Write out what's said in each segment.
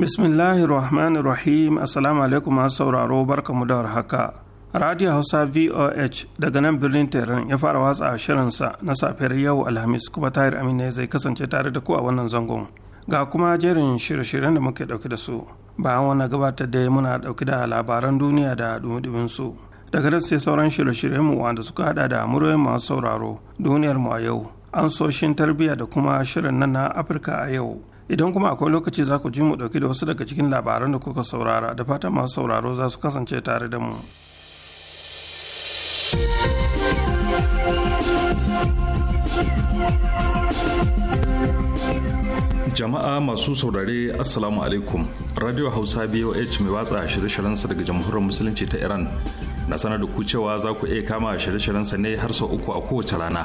bismillahi rahmanir rahim assalamu alaikum masu sauraro mu da haka. radio hausa voh daga nan birnin tehran ya fara watsa shirinsa na safiyar yau alhamis kuma tahir amina zai kasance tare da ku a wannan zangon ga kuma jerin shirye-shiryen da muke dauke da su bayan wannan gabata da muna dauke da labaran duniya da dumi su daga nan sai sauran shirye-shiryen mu wanda suka hada da muryoyin masu sauraro duniyar mu a yau an soshin tarbiyya da kuma shirin nan na afirka a yau idan kuma akwai lokaci za ku ji mu ɗauki da wasu daga cikin labaran da kuka saurara da fatan masu sauraro za su kasance tare da mu jama'a masu saurare assalamu alaikum radio hausa boh mai watsa shirye sa daga jamhuriyar musulunci ta iran na sanar da ku cewa za ku iya kama shirye sa ne har sau uku a kowace rana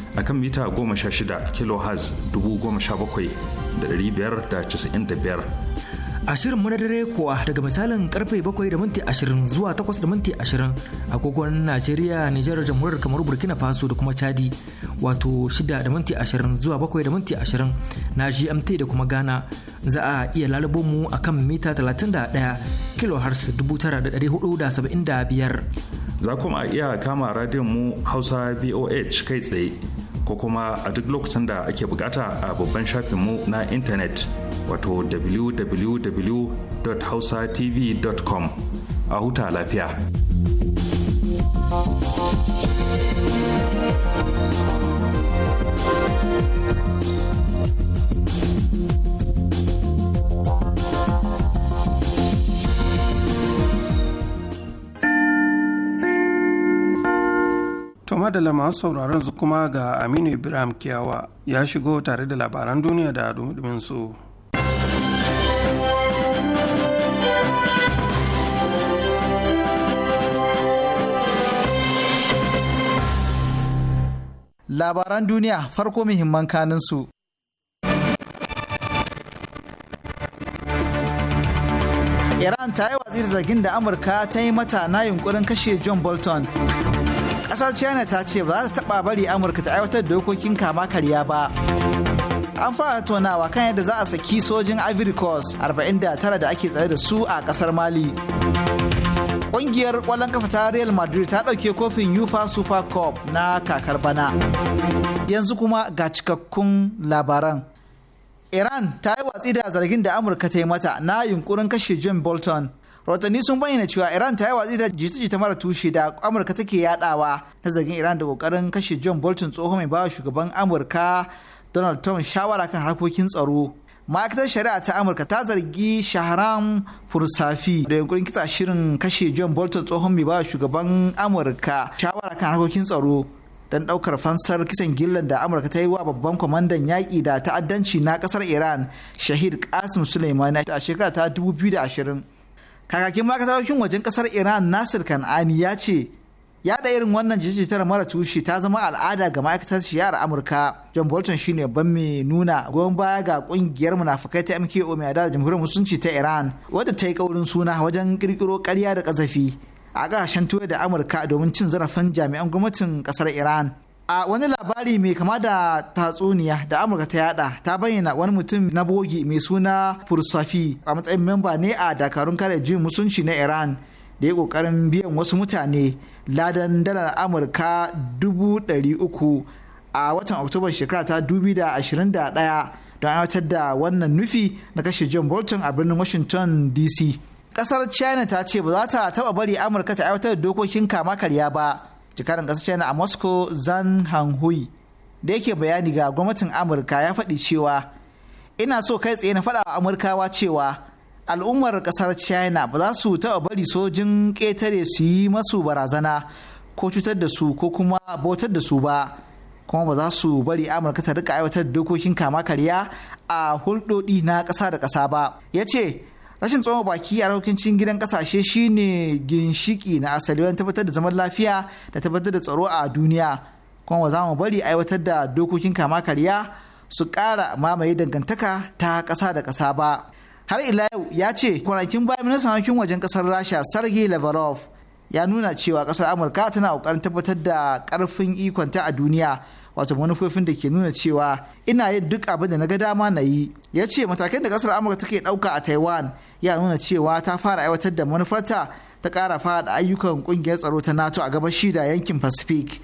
a kan mita 16 kHz 17,595. A Ashirin madadare kuwa daga misalin karfe 7 da minti 20 zuwa 8 da minti 20 agogon Najeriya, Nijar, Jamhuriyar Kamaru, Burkina Faso da kuma Chadi wato 6 da minti 20 zuwa 7 da minti 20 na GMT da kuma Ghana za a iya lalubo mu a kan mita 31 kHz 9,475. za kuma a iya kama radiyon mu hausa voh kai tsaye ko kuma a duk lokacin da ake bukata a babban shafin mu na intanet wato www.hausatv.com a huta lafiya. da masu sauraron su kuma ga aminu ibrahim kiyawa ya shigo tare da labaran duniya da su labaran duniya farko muhimman kanin su iran ta yi watsi da zargin da amurka ta yi mata na yunkurin kashe john bolton ƙasar china ta ce ba za ta taɓa bari amurka ta aiwatar da dokokin kama karya ba an fara tattaunawa kan yadda za a saki sojin ivory coast 49 da ake tsare da su a ƙasar mali ƙungiyar ƙwallon kafa ta real madrid ta ɗauke kofin ufa super cup na kakar bana yanzu kuma ga cikakkun labaran iran ta yi watsi da zargin da amurka ta yi mata na yunkurin kashe John bolton rahotanni sun bayyana cewa iran ta yi watsi da jita-jita mara tushe da amurka take yadawa na zargin iran da kokarin kashe john bolton tsohon mai bawa shugaban amurka donald trump shawara kan harkokin tsaro ma'aikatar shari'a ta amurka ta zargi shaharan fursafi da yankurin kitsa shirin kashe john bolton tsohon mai bawa shugaban amurka shawara kan harkokin tsaro don ɗaukar fansar kisan gillan da amurka ta yi wa babban kwamandan yaƙi da ta'addanci na ƙasar iran shahid qasim suleimani a shekara ta 2020 kakakin makatarokin wajen kasar iran nasir kan'ani ya ce ya da irin wannan jijitar mara tushe ta zama al'ada ga ma'aikatar shiyar amurka john bolton shine ban mai nuna goyon baya ga kungiyar munafukai ta mko mai adada jamhuriyar musulunci ta iran wadda ta yi kaurin suna wajen kirkiro karya da kazafi a kasashen turai da amurka domin cin zarafin jami'an gwamnatin kasar iran a wani labari mai kama da tatsuniya da amurka ta yada ta bayyana wani mutum na bogi mai suna fursafi a matsayin memba ne a dakarun kare jin musunci na iran da ya kokarin biyan wasu mutane ladan dalar amurka dubu dari uku a watan oktoba shekara ta dubi don aiwatar da wannan nufi na kashe john bolton a birnin washington dc kasar china ta ce ba za ta taba bari amurka ta aiwatar da dokokin kama karya ba jikarin ƙasar china a moscow zan hanhui da yake bayani ga gwamnatin amurka ya faɗi cewa ina so kai tsaye na faɗa wa amurkawa cewa al'ummar ƙasar china ba za su taɓa bari sojin ƙetare su yi masu barazana ko cutar da su ko kuma bautar da su ba kuma ba za su bari amurka ta rika aiwatar dokokin kama karya a hulɗoɗi na ƙasa da ƙasa ba ya ce rashin tsoma baki a harkokin gidan kasashe shine ginshiki na asali wajen tabbatar da zaman lafiya da tabbatar da tsaro a duniya kuma za mu bari aiwatar da dokokin kama karya su kara mamaye dangantaka ta kasa da kasa ba har ila yau ya ce kwanakin bayan minista harkokin wajen kasar rasha sergei lavrov ya nuna cewa kasar amurka tana kokarin tabbatar da karfin ikonta a duniya wato manufofin da ke nuna cewa ina yin duk abin da na ga dama na yi ya ce matakin da kasar amurka take dauka a taiwan ya nuna cewa ta fara aiwatar da manufarta ta ƙara fada ayyukan kungiyar tsaro ta nato a gabashi da yankin pacific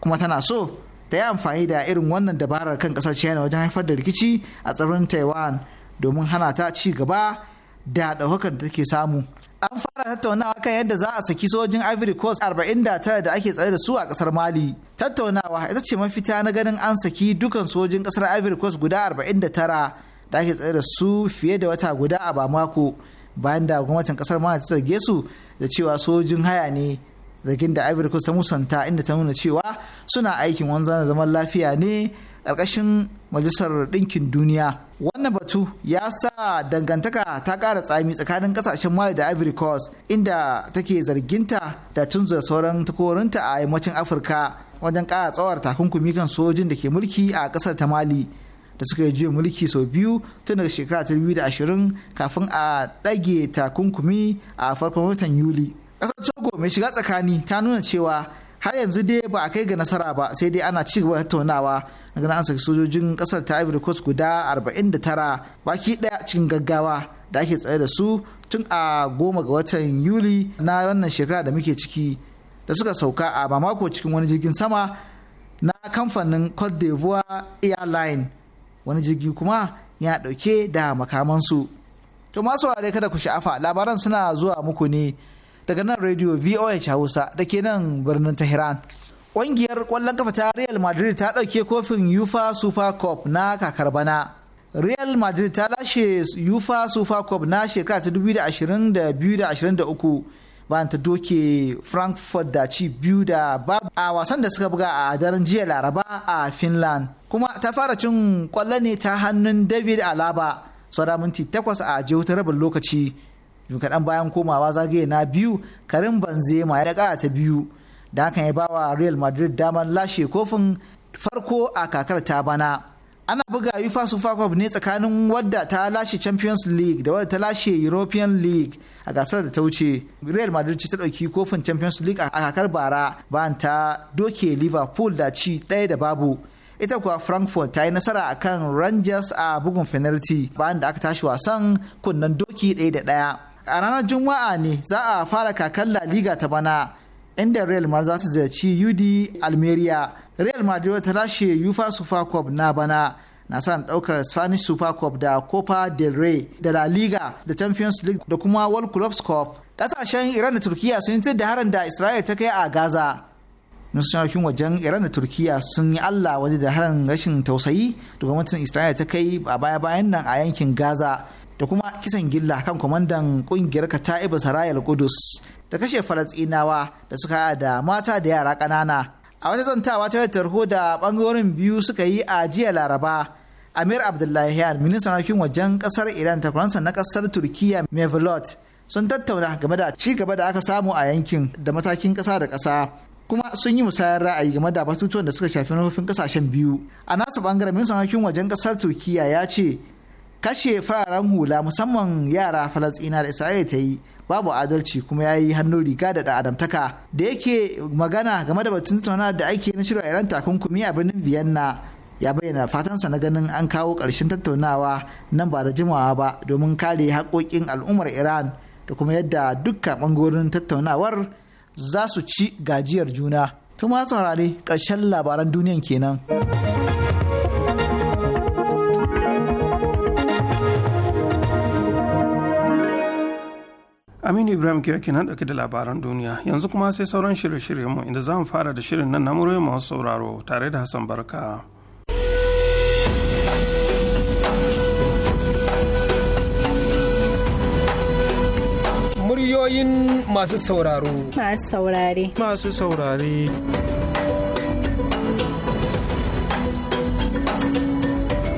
kuma tana so ta yi amfani da irin wannan dabarar kan ƙasar china wajen haifar da rikici a tsibirin taiwan domin hana ta ci gaba da ɗaukakar da take samu an fara tattaunawa kan yadda za a saki sojin ivory coast 49 da ake tsare da su a kasar mali tattaunawa ita ce mafita na ganin an saki dukan sojin kasar ivory coast guda 49 da ake tsare da su fiye da wata guda a bamako bayan da gwamnatin kasar mali ta zarge su da cewa sojin haya ne zargin da ivory coast ta musanta inda ta nuna cewa suna aikin wanzan zaman lafiya ne ƙarƙashin majalisar ɗinkin duniya wannan batu ya sa dangantaka ta ƙara tsami tsakanin ƙasashen mali da ivory coast inda take zarginta da tunzura sauran takorinta a yammacin afirka wajen ƙara tsawar takunkumi kan sojin da ke mulki a ƙasar ta mali da suka yi juya mulki sau biyu tun daga shekara ta biyu da ashirin kafin a ɗage takunkumi a farkon watan yuli ƙasar togo mai shiga tsakani ta nuna cewa har yanzu dai ba a kai ga nasara ba sai dai ana ci gaba tattaunawa ganin an saki sojojin kasar ta ivory coast guda 49 baki daya cikin gaggawa da ake tsaye da su tun a goma ga watan yuli na wannan shekara da muke ciki da suka sauka a bamako cikin wani jirgin sama na kamfanin cote d'ivoire airline wani jirgi kuma ya dauke da makamansu to masu kada ku sha'afa labaran suna zuwa muku ne daga nan radio voa hausa da ke nan birnin tehran ƙungiyar ƙwallon kafa ta real madrid ta ɗauke kofin ufa super cup na kakar bana real madrid ta lashe ufa super cup na shekara ta 2022-2023 bayan ta doke frankfurt da ci biyu da ba a wasan da suka buga a daren jiya laraba a finland kuma ta fara cin ƙwallo ne ta hannun david alaba saura minti takwas a jihotar rabin lokaci jim kaɗan bayan komawa zagaye na biyu karim banzema ya ɗaga ta biyu da hakan ya bawa real madrid damar lashe kofin farko a kakar ta bana ana buga ufa super cup ne tsakanin wadda ta lashe champions league da wadda ta lashe european league a gasar da ta wuce real madrid ce ta ɗauki kofin champions league a kakar bara bayan ta doke liverpool da ci ɗaya da babu ita kuwa frankfurt ta yi nasara a kan rangers a bugun penalty bayan da aka tashi wasan kunnen doki ɗaya da ɗaya a ranar juma'a ne za a fara kakan la liga ta bana inda real madrid za ta ziyarci ud almeria real madrid ta lashe ufa super cup na bana na san daukar spanish super cup da copa del rey da la liga da champions league da kuma world clubs cup kasashen iran da turkiya sun yi da harin da isra'il ta kai a gaza nasarokin wajen iran da turkiya sun yi allah waje da harin rashin tausayi da gwamnatin isra'il ta kai a baya-bayan nan a yankin gaza da kuma kisan gilla kan kwamandan kungiyar kata'ibu sarayal kudus da kashe falasinawa da suka da mata da yara kanana. a wata zantawa ta yadda tarho da bangarorin biyu suka yi a jiya laraba amir abdullahi abdullahiyan ministan harkokin wajen ƙasar iran ta faransa na ƙasar turkiya mevlot sun tattauna game da ci gaba da aka samu a yankin da matakin ƙasa da kasa kuma sun yi musayar ra'ayi game da batutuwan da suka shafi manufofin kasashen biyu a nasa bangaren ministan harkokin wajen kasar turkiya ya ce kashe fararen hula musamman yara falasina da isra'ila ta yi babu adalci kuma ya yi hannun riga da adamtaka da yake magana game da batun tattauna da ake na shirya iran takunkumi a birnin vienna ya bayyana fatansa na ganin an kawo ƙarshen tattaunawa nan ba da jimawa ba domin kare haƙoƙin al'ummar iran da kuma yadda dukkan ɓangarorin tattaunawar za su ci gajiyar juna. Tuma saurare ƙarshen labaran duniyan kenan. Aminu Ibrahim ke yake nan ɗauke da labaran duniya yanzu kuma sai sauran shirye-shiryenmu inda za mu fara da shirin nan na muryoyin masu sauraro tare da Hassan Barka. Muryoyin masu sauraro. Masu saurare. Masu saurare.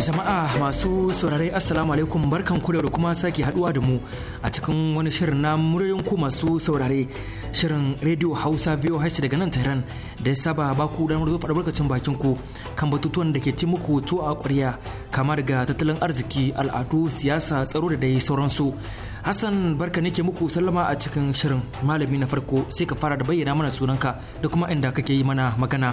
jama'a masu saurare assalamu alaikum barkan ku da kuma sake haduwa da mu a cikin wani shirin na muryoyin ku masu saurare shirin radio hausa biyu hashi daga nan tehran da ya saba ba ku damar zofa barkacin bakin ku kan batutuwan da ke ci muku to a ƙwarya kama daga tattalin arziki al'adu siyasa tsaro da dai sauransu hassan barka ne ke muku sallama a cikin shirin malami na farko sai ka fara da bayyana mana sunanka da kuma inda kake yi mana magana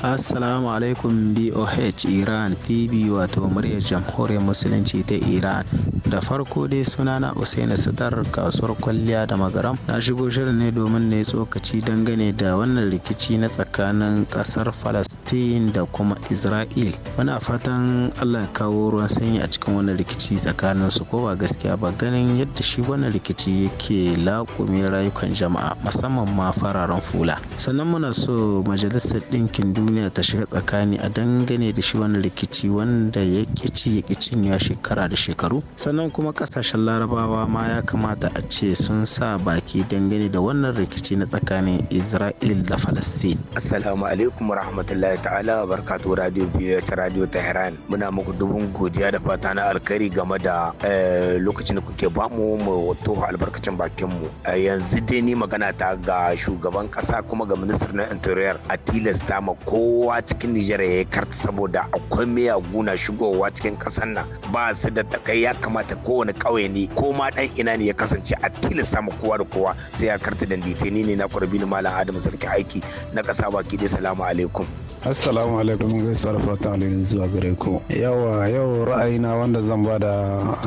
Assalamu alaikum BOH Iran TV wato muryar jamhuriyar musulunci ta Iran. Da farko dai sunana Usaini Sadar kasuwar kwalliya da magaram. Na shigo shirin ne domin ne tsokaci dangane da wannan rikici na tsakanin kasar Falastin da kuma Isra'il. Muna fatan Allah kawo ruwan sanyi a cikin wannan rikici tsakanin su ko ba gaskiya ba ganin yadda shi wannan rikici yake laƙumi rayukan jama'a musamman ma fararen fula. Sannan muna so majalisar ɗinkin duniya duniya ta shiga tsakani a dangane da shi wani rikici wanda ya kici ya kicin ya shekara da shekaru sannan kuma kasashen larabawa ma ya kamata a ce sun sa baki dangane da wannan rikici na tsakanin isra'il da falastin assalamu alaikum rahmatullahi ta'ala wa barakatuhu radio biyar radio tehran muna muku dubun godiya da fata na alkhairi game da eh, lokacin da kuke bamu mu wato albarkacin bakin mu yanzu dai ni magana ta ga shugaban kasa kuma ga ministan na interior a tilasta ma ko kowa cikin Nijar ya karta saboda akwai miyaguna shigowa cikin kasar nan ba su da takai ya kamata kowane kauye ne ko ma dan ina ne ya kasance a tilasta ma kowa da kowa sai ya karta dandife ni ne na kwarbi malam Adam sarki aiki na kasa baki dai salamu alaikum. Assalamu alaikum gaisuwar fata zuwa gare ku. Yawa yau ra'ayina wanda zan bada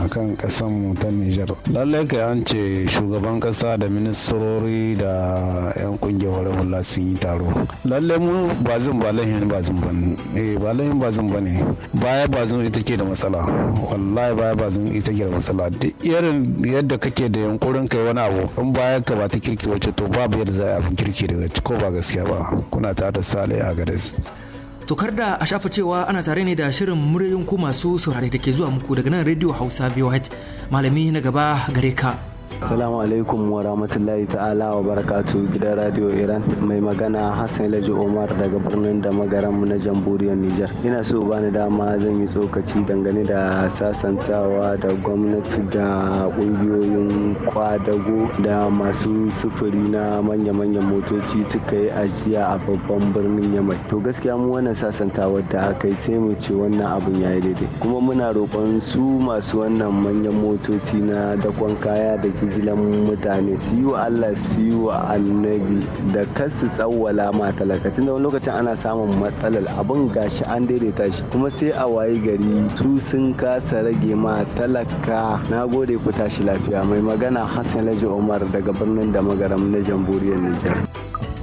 akan kasan mu ta Nijar. Lallai kai an ce shugaban kasa da ministrori da 'yan kungiyar hula sun yi taro. Lallai mu ba zan ba lahin bazin ba ne eh, ba lahin bazin ba ne baya bazin ita ke da matsala wallahi baya bazin ita ke da matsala duk irin yadda kake da yankurin kai wani abu in baya ka ba ta kirki wacce to babu yadda za a abin kirki daga ko ba gaskiya ba kuna ta da sale a gares tokar da a shafa cewa ana tare ne da shirin muryoyin ku masu saurare da ke zuwa muku daga nan radio hausa voh malami na gaba gare ka Assalamu alaikum wa rahmatullahi ta'ala wa barakatu gidan Radio Iran mai magana Hassan Laji Omar daga birnin da magaran na jamhuriyar Nijar. Ina so ba bani dama zan yi tsokaci dangane da sasantawa da gwamnati da ƙungiyoyin kwadago da masu sufuri na manya-manyan motoci suka yi ajiya a babban birnin Yamai. To gaskiya mu wannan sasantawa da aka yi sai mu ce wannan abun ya yi daidai. Kuma muna roƙon su masu wannan manyan motoci na dakon kaya da jigilan mutane su yi wa Allah su yi wa annabi da kasu tsawwala ma talakacin da wani lokacin ana samun matsalar abin gashi an daidaita shi kuma sai a wayi gari su sun kasa rage ma talaka na gode ku tashi lafiya mai magana hassan laji umar daga birnin da magaram na jamhuriyar nijar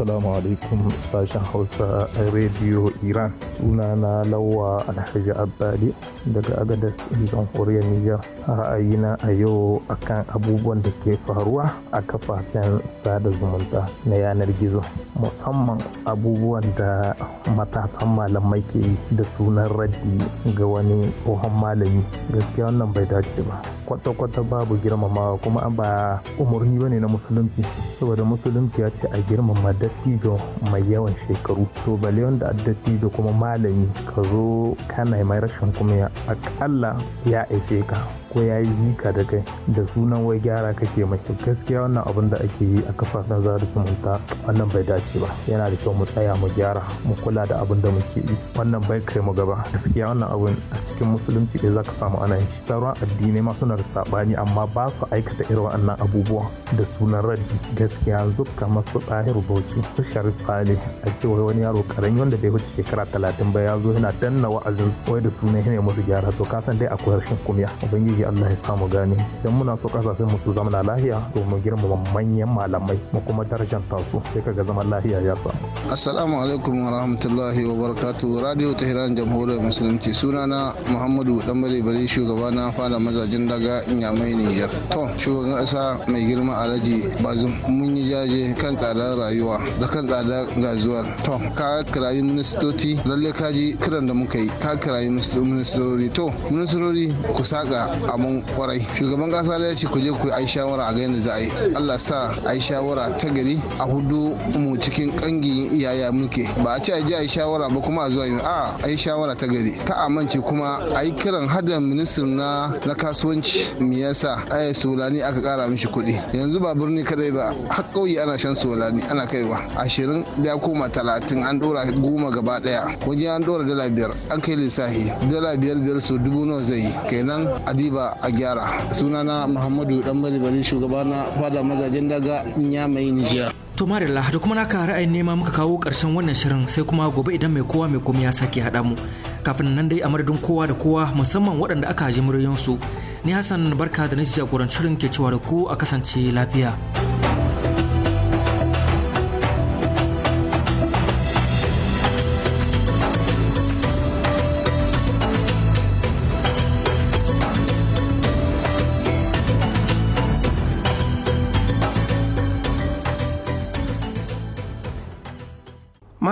assalamu alaikum sashen hausa a rediyo iran suna na lawa alhaji abbali daga agadas izon koriya nijar ra'ayina a yau akan abubuwan da ke faruwa a kafafen sada zumunta na yanar gizo musamman abubuwan da matasan malamai ke yi da sunan raddi ga wani tsohon malami gaskiya wannan bai dace ba kwata-kwata babu girmamawa kuma ba umarni bane na musulunci saboda musulunci ya ce a girmama da dattijo mai yawan shekaru to bale da a dattijo kuma malami ka zo kana mai rashin kuma ya akalla ya aike ka ko ya yi jika da kai da sunan wai gyara kake mace gaskiya wannan abin da ake yi a kafafen sada zumunta wannan bai dace ba yana da kyau mu tsaya mu gyara mu kula da abin da muke yi wannan bai kai mu gaba gaskiya wannan abin a cikin musulunci ne za ka samu ana yi sauran addinai ma suna da saɓani amma ba su aikata irin wannan abubuwa da sunan raddi gaskiya zukka masu tsahir bauchi su sharifa ne a cewa wani yaro karen wanda bai wuce shekara talatin ba ya zo yana danna wa'azin wai da sunan yana musu gyara to kasan dai akwai rashin kumya ubangiji ubangiji Allah ya samu gane idan muna so kasashen mu su zama lafiya to mu girmama manyan malamai mu kuma ta su sai kaga zaman lafiya ya sa. assalamu alaikum wa rahmatullahi wa barakatuh radio tehran jamhuriyar musulunci sunana muhammadu dan bari shugaba na fara mazajin daga inyamai niger to shugaban kasa mai girma alhaji bazum mun yi jaje kan tsadar rayuwa da kan tsadar gazuwar to ka kirayi ministoci lalle kaji kiran da muka yi ka kirayi ministorori to ministorori ku saka amon kwarai shugaban kasa ya ce ku je ku yi shawara a gani za a yi allah sa a yi shawara ta gari a hudu mu cikin kangi iyaya muke ba a ce a je a yi shawara ba kuma a zuwa yi a a yi shawara ta gari ka amince kuma a yi kiran hada ministan na na kasuwanci me yasa aya solani aka kara mishi kuɗi yanzu ba birni kadai ba har kauye ana shan solani ana kaiwa ashirin da koma talatin an dora goma gaba daya wajen an dora dala biyar an kai lissafi dala biyar biyar su dubu nawa zai kenan adiba Allah a gyara sunana Muhammadu dan bari shugaba na fada mazajen daga nya mai Nijiya. To Marilla da kuma naka ra'ayin nema muka kawo ƙarshen wannan shirin sai kuma gobe idan mai kowa mai komai ya sake haɗa mu. Kafin nan dai a madadin kowa da kowa musamman waɗanda aka haji su Ni Hassan barka da na jagorancin shirin ke cewa da ku a kasance lafiya.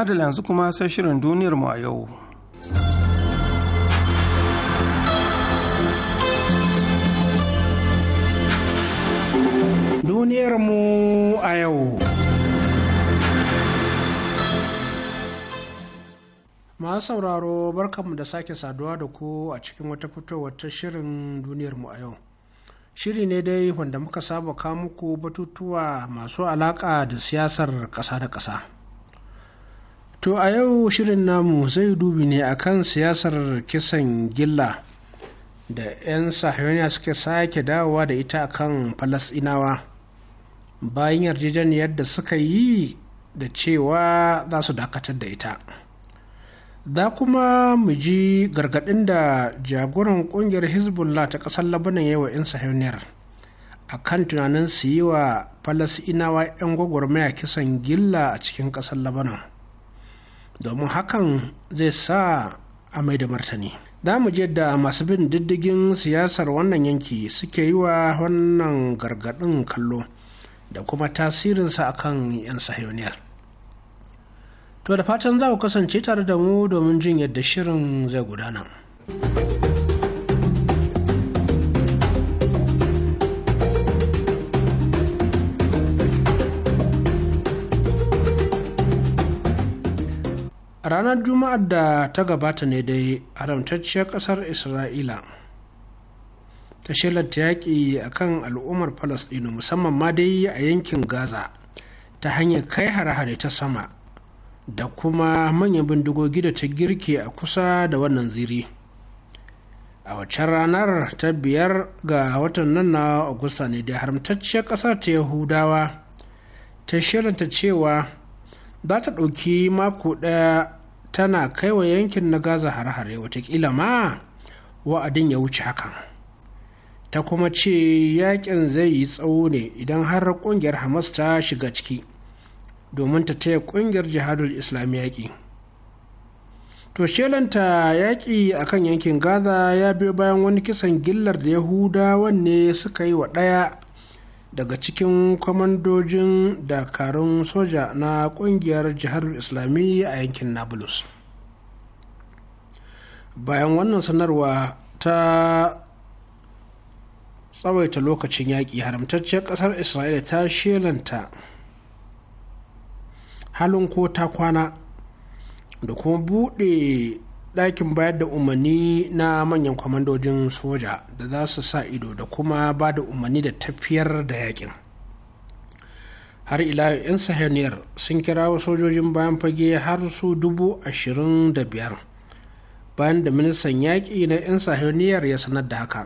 madala yanzu kuma sai shirin duniyar mu a yau. Duniyar mu a yau. Masu sauraro barkanmu da sake saduwa da ku a cikin wata fitowar ta shirin duniyar mu a yau. shiri ne dai wanda muka saba kawo muku batutuwa masu alaƙa da siyasar ƙasa da ƙasa. To a yau shirin namu zai dubi ne akan siyasar kisan gilla da 'yan sahiyoniya suke sake dawowa da ita akan falasinawa bayan yarjejeniyar da suka yi da cewa za su dakatar da ita. Za kuma mu ji gargaɗin da jagoran ƙungiyar Hezbollah ta ƙasar Labanan yawa 'yan sahiyoniyar a kan tunanin su yi wa falasinawa 'yan gwagwarmaya kisan gilla a cikin ƙasar Labanan. domin hakan zai sa a mai da martani da mu je da masu bin diddigin siyasar wannan yanki suke yi wa wannan gargaɗin kallo da kuma tasirinsa akan 'yan sahiyoniyar to da fatan za ku kasance tare da mu domin jin yadda shirin zai gudana. ranar juma'ar da ta gabata ne dai haramtacciyar ƙasar isra'ila ta shelanta yaƙi a kan al'ummar falasɗinu musamman ma dai a yankin gaza ta hanyar kai hare-hare ta sama da kuma manyan bindigogi da ta girke a kusa da wannan ziri a waccan ranar ta biyar ga watan nan na agusta ne da haramtacciyar ƙasar ta yahudawa ta shirinta cewa za ta ɗauki mako ɗaya tana kaiwa yankin na gaza har-hare watakila ma wa'adin ya wuce hakan ta kuma ce yakin zai yi tsawo ne idan har kungiyar hamas ta shiga ciki domin ta taya kungiyar jihadul islam yaƙi to shelanta yaƙi a kan yankin gaza ya biyo bayan wani kisan gillar da yahudawan ne suka yi wa ɗaya daga cikin kwamandojin dakarun soja na kungiyar jihar islami a yankin nablus bayan wannan sanarwa ta tsawaita lokacin yaƙi haramtacciyar ƙasar isra'ila ta shelanta halin ko ta kwana da kuma buɗe Dakin bayar da umarni na manyan kwamandojin soja da za su sa ido da kuma ba da umarni da tafiyar da yakin har ila 'yan sahaniyar sun kirawo sojojin bayan fage har su dubu ashirin da biyar bayan da ministan yaƙi na 'yan sahaniyar ya sanar da haka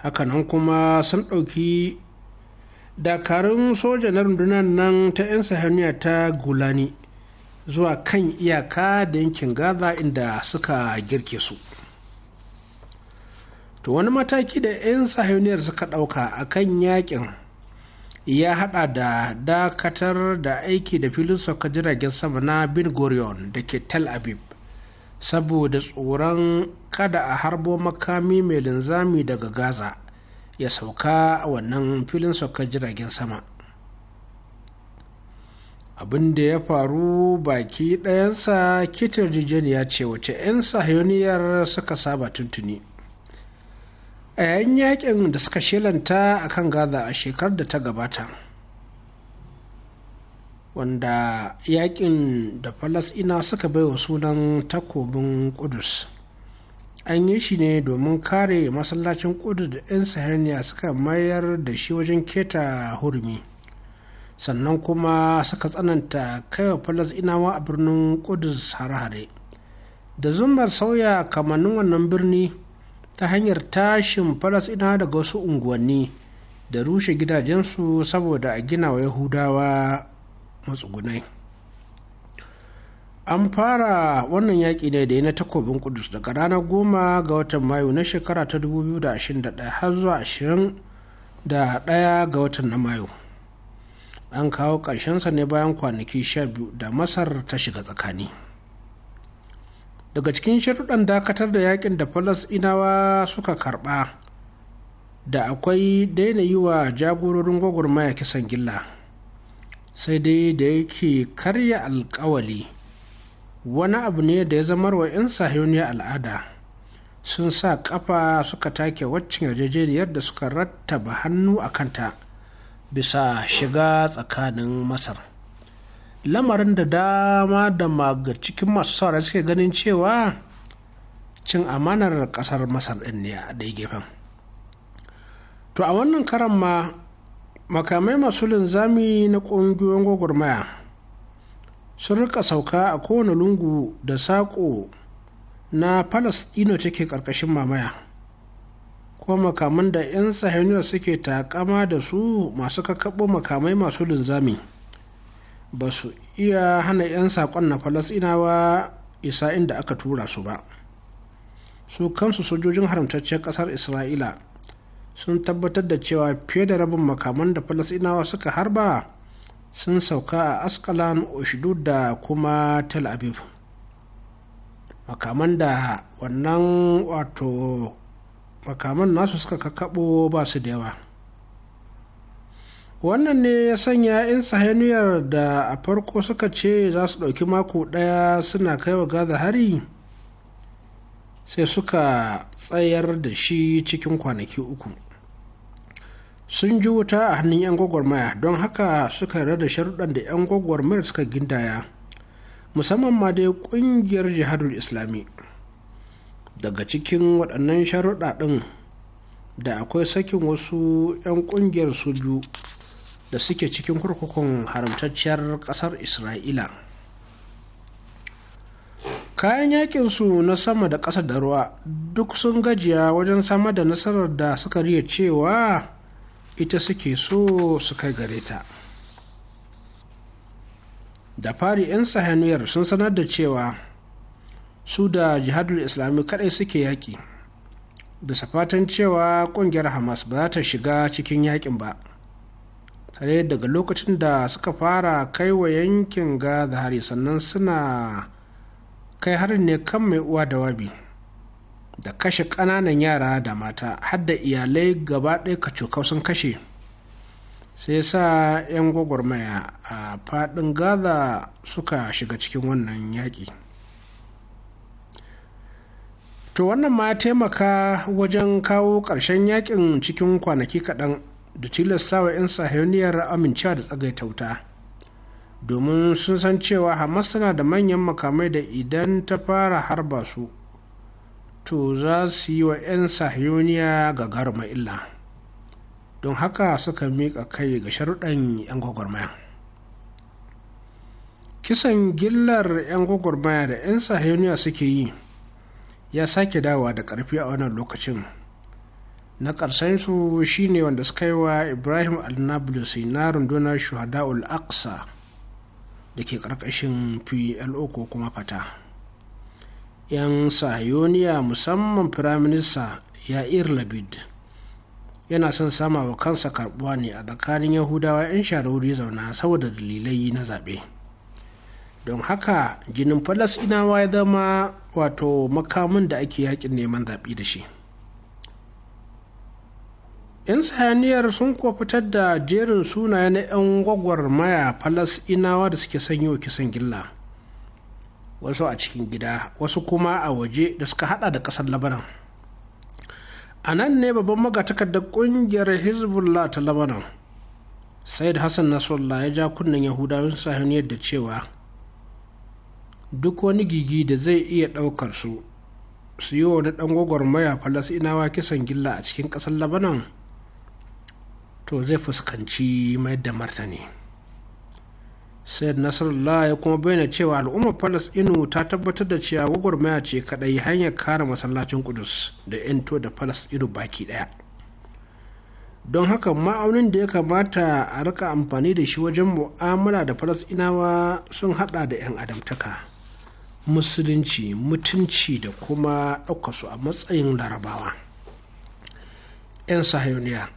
hakanan kuma sun ɗauki dakarun soja na rundunar nan ta 'yan sahaniyar ta gulani zuwa kan iyaka da yankin gaza inda suka girke su to wani mataki da 'yan sahiyoniyar suka ɗauka a kan yakin ya hada da dakatar da aiki da filin soka jiragen sama na bin gurion da ke tel aviv saboda tsoron kada a harbo makami mai linzami daga gaza ya sauka a wannan filin saukar jiragen sama abin da ya faru baki ɗayansa kitar jijeniya ce wace 'yan sahiyoniyar suka saba tuntuni a yayin yakin da suka shelanta a kan gaza a shekar da ta gabata wanda yakin da falasina suka bai wa sunan takobin kudus an yi shi ne domin kare masallacin kudus da 'yan sahiyoniya suka mayar da shi wajen keta hurumi sannan kuma suka tsananta kaiwa falasɗinawa a birnin kudus hare-hare da zumar sauya kamannin wannan birni ta hanyar tashin falasɗinawa daga wasu unguwanni da rushe gidajensu saboda a gina wa yahudawa matsugunai an fara wannan yaƙi ne da ya na takobin kudus daga ranar goma ga watan mayu na shekara ta 2021 har zuwa 21 ga watan na mayu an kawo ƙarshensa ne bayan kwanaki sha biyu da masar ta shiga tsakani daga cikin sharuɗan dakatar da yakin da inawa suka karɓa da akwai daina yi wa jagororin gwagwarmaya kisan gilla sai dai da yake karya alkawali wani abu ne da ya zamar wa 'yan sahiyoniya al'ada sun sa kafa suka take waccan yarjejeniyar da suka rattaba hannu a kanta bisa shiga tsakanin masar lamarin da dama da maga cikin masu saurari suke ganin cewa cin amanar kasar masar ɗin ne a ɗaya gefen to a wannan karan ma makamai masu linzami na ƙungiyoyin gwagwarmaya sun rika sauka a kowane lungu da saƙo na palestino take ƙarƙashin mamaya kuma makaman da 'yan sahiyoniya suke takama da su masu kakabo makamai masu linzami ba su iya hana 'yan saƙon na falasinawa isa inda aka tura su ba su kansu sojojin haramtacciyar ƙasar isra'ila sun tabbatar da cewa fiye da rabin makaman da falasinawa suka harba sun sauka a askalan oshidu da kuma tel aviv makaman da wannan wato makaman nasu suka kakkaɓo ba su da yawa wannan ne ya sanya 'yan sahaniyar da a farko suka ce za su ɗauki mako ɗaya suna kai wa gaza hari sai suka tsayar da shi cikin kwanaki uku sun ji wuta a hannun 'yan gwagwarmaya don haka suka yarda da sharuɗan da 'yan gwagwarmaya suka gindaya musamman ma dai ƙungiyar jihadul islami daga cikin waɗannan sharuɗa ɗin da akwai sakin wasu 'yan ƙungiyar su biyu da suke cikin kurkukun haramtacciyar ƙasar isra'ila kayan yakinsu na sama da ƙasa da ruwa duk sun gajiya wajen samar da nasarar da suka riya cewa ita suke so su kai gare ta da fari 'yan sahaniyar sun sanar da cewa su da jihadul islami kadai suke yaƙi bisa fatan cewa ƙungiyar hamas ba za ta shiga cikin yaƙin ba tare daga lokacin da suka fara kai wa yankin gaza hari sannan suna kai harin ne kan mai uwa da wabi da kashe ƙananan yara da mata hadda iyalai gaba ɗaya kacokau sun kashe sai sa 'yan gwagwarmaya a faɗin gaza suka shiga cikin wannan yaƙi to wannan ma ya taimaka wajen kawo ƙarshen yakin cikin kwanaki kaɗan da tilastawa 'yan sahiyoniyar amincewa da tsagaita wuta domin sun san cewa hamas tana da manyan makamai da idan ta fara harba su to za su yi wa 'yan sahiyoniya gagarumar illa don haka suka miƙa kai ga sharuɗan 'yan gwagwarmaya kisan gillar 'yan gwagwarmaya da 'yan sahiyoniya suke yi ya sake dawa da ƙarfi a wannan lokacin na su shine wanda suka yi wa ibrahim al sai na rundunar shuhada'ul aqsa da ke ƙarƙashin plo ko kuma fata 'yan sahayoniya musamman firaminista ya'ir labid yana son sama wa kansa karbuwa ne a tsakanin yahudawa 'yan sharori zauna saboda dalilai na zaɓe don haka jinin falasɗinawa ya zama wato makamin da ake yakin neman zaɓi da shi yan sayaniyar sun kuwa fitar da jerin sunaye na 'yan gwagwarmaya inawa da suke sanyo kisan gilla wasu a cikin gida wasu kuma a waje da suka hada da kasar labanan a nan ne babban magatakardar kungiyar hezbollah ta labanan said hassan nasrallah ya ja kunnen yahudawan sahaniyar da cewa duk wani gigi da zai iya ɗaukar su su yi wa wani ɗan gwagwarmaya falasinawa kisan gilla a cikin ƙasar labanan to zai fuskanci mai da martani sai nasarallah ya kuma bayyana cewa al'ummar falasɗinu ta tabbatar da cewa gwagwarmaya ce kaɗai hanyar kare masallacin kudus da 'yanto da falasinu baki ɗaya don haka ma'aunin da ya kamata a rika amfani da shi wajen mu'amala da falasɗinawa sun haɗa da 'yan adamtaka musulunci mutunci da kuma su a matsayin larabawa 'yan sahayoniya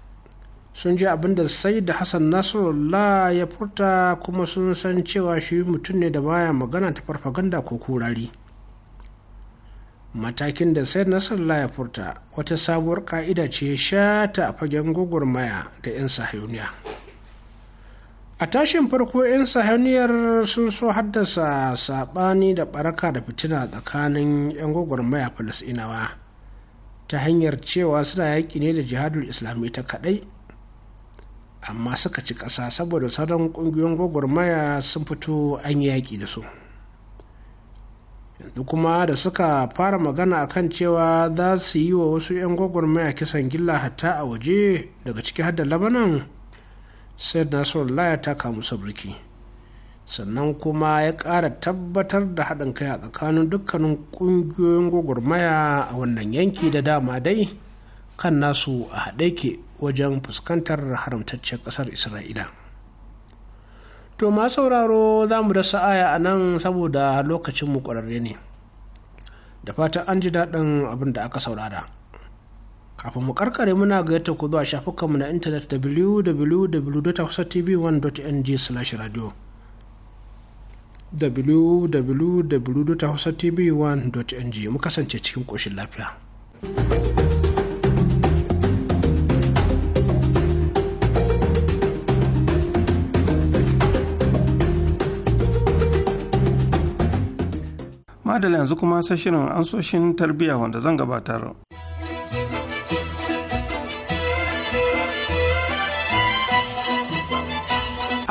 sun ji abin da sai da hassan nasarullah ya furta kuma sun san cewa shi mutum ne da baya magana ta farfaganda ko kurari matakin da sai nasarullah ya furta wata sabuwar ka'ida ce ya sha ta fagen gwagwarmaya da 'yan sahayoniya a tashin farko 'yan sahaniyar sun so haddasa saɓani da ɓaraka da fitina tsakanin 'yan gwagwarmaya falasinawa ta hanyar cewa suna yaƙi ne da jihadul islami ta kaɗai amma suka ci ƙasa saboda sauran ƙungiyoyin gwagwarmaya sun fito an yi yaƙi da su yanzu kuma da suka fara magana akan cewa za su yi wa wasu 'yan gwagwarmaya kisan gilla hatta a waje daga ciki har da labanan sai nasarullah ya taka musu birki sannan kuma ya ƙara tabbatar da haɗin kai a tsakanin dukkanin ƙungiyoyin gwagwarmaya a wannan yanki da dama dai kan nasu a haɗe ke wajen fuskantar haramtaccen ƙasar isra'ila to ma sauraro za mu da sa'aya a nan saboda lokacinmu ƙwararre ne da fatan an ji daɗin abin da aka saurara kafin mu karkare muna gayyata ku zuwa shafukanmu na intanet www.hausatv1.ng/radio www.hausatv1.ng mu kasance cikin koshin lafiya. madal yanzu kuma sashirin ansoshin tarbiyya wanda zan gabatar.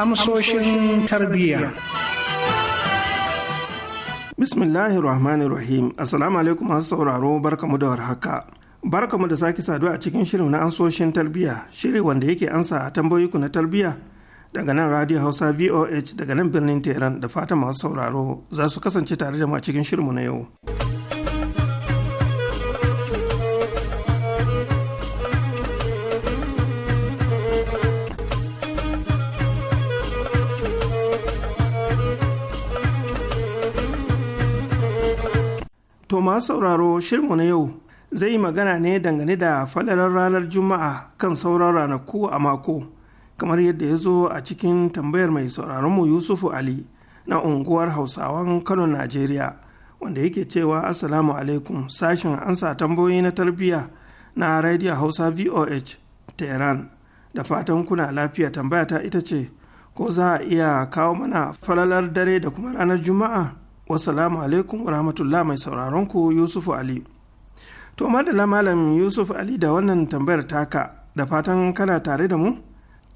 amsoshin tarbiyya. Bismillahir Rahmanir Rahim. Assalamu alaikum masu sauraro barkamu da warhaka. Barkamu da sake saduwa a cikin shirin na ansoshin tarbiyya, shiri wanda yake ansa a ku na tarbiyya daga nan Radio Hausa VOH daga nan birnin Tehran da fatan masu sauraro za su kasance tare da mu a cikin shirinmu na yau. To masu sauraro shirmu na yau zai yi magana ne dangane da falalar ranar Juma'a kan sauran ranaku a mako, kamar yadda ya zo a cikin tambayar mai sauraronmu Yusufu Ali na unguwar Hausawan Kano, Najeriya, wanda yake cewa Assalamu alaikum sashen ansa tambayoyi na tarbiyya na Radio Hausa VOH Tehran. Da fatan kuna lafiya tambaya ta ita ce, ko za a iya kawo mana falalar dare da kuma ranar Juma'a? wasalamu alaikum wa rahmatullah mai sauraron ku yusufu ali to madalla malam yusuf ali da wannan tambayar taka da fatan kana tare da mu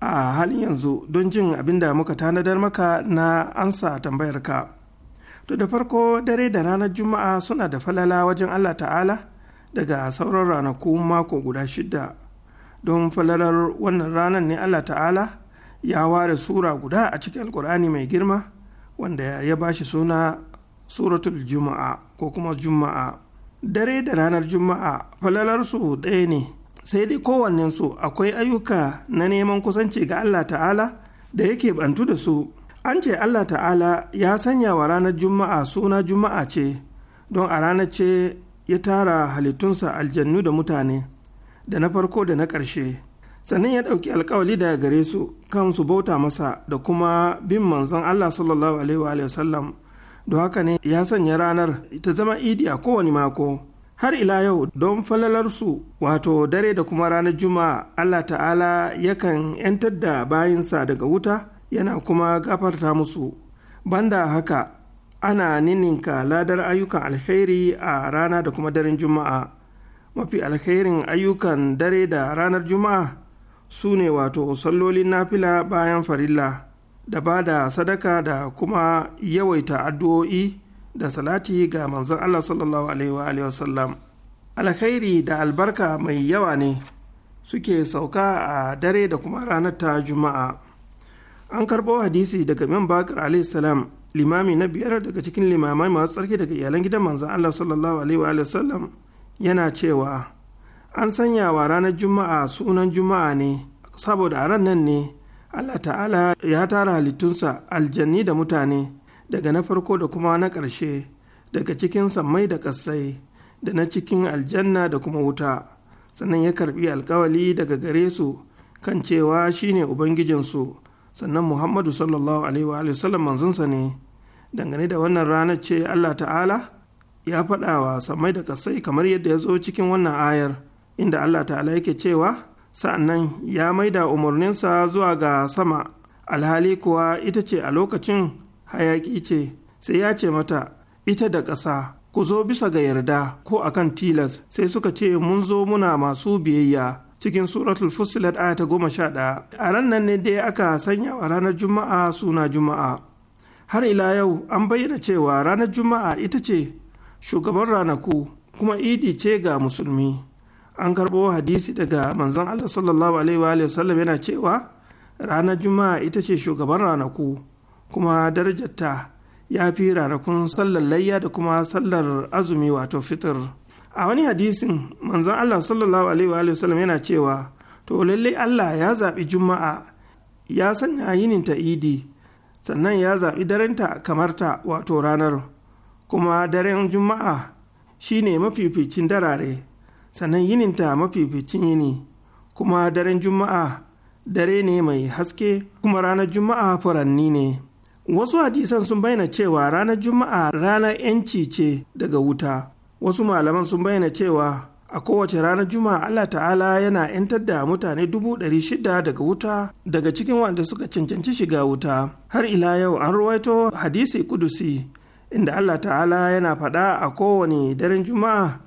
a halin yanzu don jin abin da muka tanadar maka na ansa tambayar ka to da farko dare da ranar juma'a suna da falala wajen allah ta'ala daga sauran ranaku mako guda shida don falalar wannan ranar ne allah ta'ala ya ware sura guda a cikin alkur'ani mai girma wanda ya bashi suna suratul juma'a ko kuma juma'a dare da ranar juma'a falalarsu ɗaya ne sai dai kowannensu akwai ayyuka na neman kusanci ga allah ta'ala da yake bantu da su an ce allah ta'ala ya sanya wa ranar juma'a suna juma'a ce don a ranar ce ya tara halittunsa aljannu da mutane da na farko da na ƙarshe sannan ya ɗauki alkawali daga gare su kan su bauta masa da kuma bin manzon allah sallallahu alaihi wa sallam don haka ne ya sanya ranar ta zama idi a kowane mako har ila yau don falalarsu wato dare da kuma ranar juma'a allah ta'ala yakan 'yantar da bayinsa daga wuta yana kuma gafarta musu banda haka ana nininka ladar ayyukan alkhairi a rana da kuma daren juma'a mafi alkhairin ayyukan dare da ranar juma'a su ne wato sallolin nafila bayan farilla da ba da sadaka da kuma yawaita addu'o'i da salati ga manzon Allah sallallahu alaihi wasallam alkhairi da albarka mai yawa ne suke sauka a dare da kuma ranar ta juma'a an karɓo hadisi daga min bakar salam limami na biyar daga cikin limamai masu tsarki daga iyalan gidan manzon Allah sallallahu alaihi wasallam yana cewa an sanya wa ranar juma'a sunan juma'a ne saboda a ran nan ne Allah ta'ala ya tara halittunsa aljanni da mutane daga na farko da kuma na ƙarshe daga cikin sammai da ƙasai da na cikin aljanna da kuma wuta sannan ya karbi alkawali daga gare su kan cewa shine ubangijinsu sannan muhammadu sallallahu alaihi wa manzonsa ne dangane da wannan ranar ce allah ta'ala ya faɗawa wa sammai da ƙasai kamar yadda ya zo cikin wannan ayar inda allah ta'ala yake cewa sa'annan ya maida umarninsa zuwa ga sama alhali kuwa ita ce a lokacin hayaƙi ce sai ya ce mata ita da ƙasa ku zo bisa ga yarda ko a kan tilas sai suka ce mun zo muna masu biyayya cikin suratul fusilat aya ta goma sha ɗaya a ran ne dai aka sanya wa ranar juma'a suna juma'a har ila yau an bayyana cewa ranar juma'a ita ce shugaban ranaku kuma idi ce ga musulmi an karɓo hadisi daga manzon Allah sallallahu alaihi sallam yana cewa ranar juma'a ita ce shugaban ranaku kuma darajarta ya fi ranakun sallar layya da kuma sallar azumi wato fitr a wani hadisin manzon Allah sallallahu alaihi sallam yana cewa to lallai Allah ya zaɓi juma'a ya sanya yinin ta idi sannan ya zaɓi darenta kamar ta wato ranar kuma daren juma'a shine mafificin darare sannan yininta mafificin yini kuma daren juma'a dare ne mai haske kuma ranar juma'a furanni ne wasu hadisan sun bayyana cewa ranar juma'a ranar yanci ce daga wuta wasu malaman sun bayyana cewa a kowace ranar juma'a allah ta'ala yana yantar da mutane dubu ɗari shida daga wuta daga cikin wanda suka cancanci shiga wuta har ila yau an ruwaito hadisi kudusi inda allah ta'ala yana faɗa a kowane daren juma'a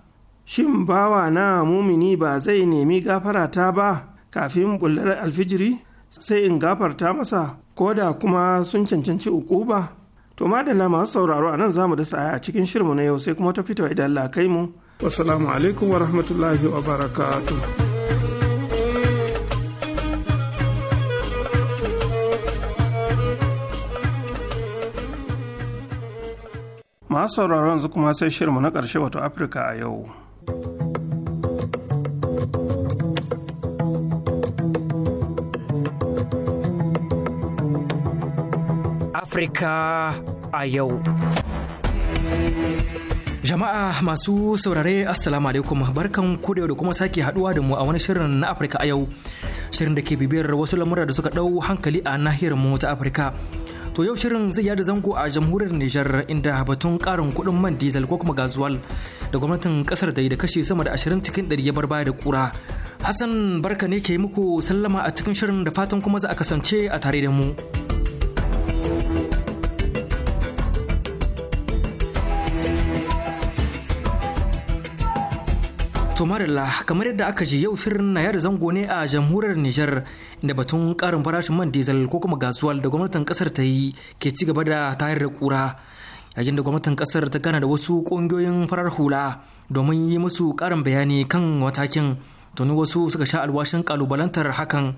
shin bawa na mumini ba zai nemi gafara ta ba kafin bullar alfijiri sai in gafarta masa ko da kuma sun cancanci uku ba to madalla masu sauraro a nan za mu da sa'a a cikin shirmu na yau sai kuma ta fito idan Allah kai mu wasalamu alaikum wa rahmatullahi wa barakatuh masu sauraro yanzu kuma sai shirmu na ƙarshe wato afirka a yau Afirka a yau. Jama'a masu saurare Assalamu alaikum barkan ku da kuma sake haduwa da mu a wani shirin na Afirka a yau. Shirin da ke bibiyar wasu lamura da suka ɗau hankali a nahiyar mu ta Afirka. To yau shirin zai yada zango a jamhuriyar Nijar inda batun karin kudin man diesel ko kuma gazuwal da gwamnatin kasar da yi da kashe sama da 20 cikin 100 ya bar baya da kura. Hassan barka ne ke muku sallama a cikin shirin da fatan kuma za a kasance a tare da mu. To kamar yadda aka ji yau shirin na yar zango ne a jamhuriyar Nijar inda batun karin farashin man diesel ko kuma gasuwal da gwamnatin kasar ta yi ke ci gaba da tayar da kura. Yayin da gwamnatin kasar ta gana da wasu kungiyoyin farar hula domin yi musu karin bayani kan matakin tuni wasu suka sha alwashin kalubalantar hakan.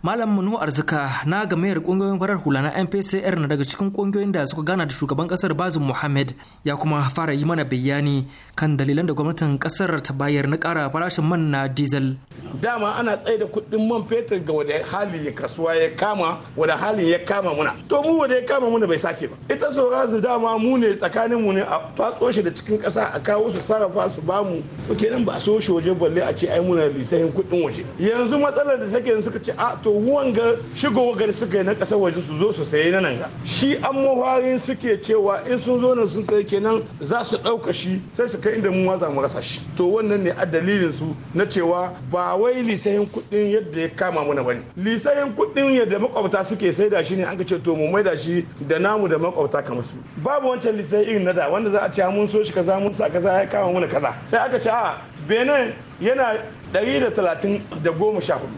Malam Manu Arzika na gamayar kungiyoyin farar hula na MPCR na daga cikin kungiyoyin da suka gana da shugaban kasar Bazum Muhammad ya kuma fara yi mana bayani kan dalilan da gwamnatin kasar ta bayar na kara farashin man na diesel. Dama ana tsaye da kuɗin man fetur ga wadda hali ya kasuwa ya kama wadda hali ya kama muna. To mu wadda ya kama muna bai sake ba. Ita so razu dama mu ne tsakanin mu ne a fatso shi da cikin ƙasa a kawo su sarrafa su bamu. To kenan ba so shi waje balle a ce ai muna lisahin kuɗin waje. Yanzu matsalar da take suka ce a to ga shigo gari suka yi na ƙasar waje su zo su sayi na nan ga. Shi an mafarin suke cewa in sun zo nan sun kenan za su ɗauka shi sai su ta inda mu ma za mu rasa shi to wannan ne a dalilin su na cewa ba wai lisayin kuɗin yadda ya kama mana bane lisayin kuɗin yadda makwabta suke saida shi ne an ce to mu mai da shi da namu da makwabta kamar su babu wancan lisayin irin na da wanda za a ce ah, mun so shi kaza mun sa kaza ya kama mana kaza sai aka ce a ah, benin yana 130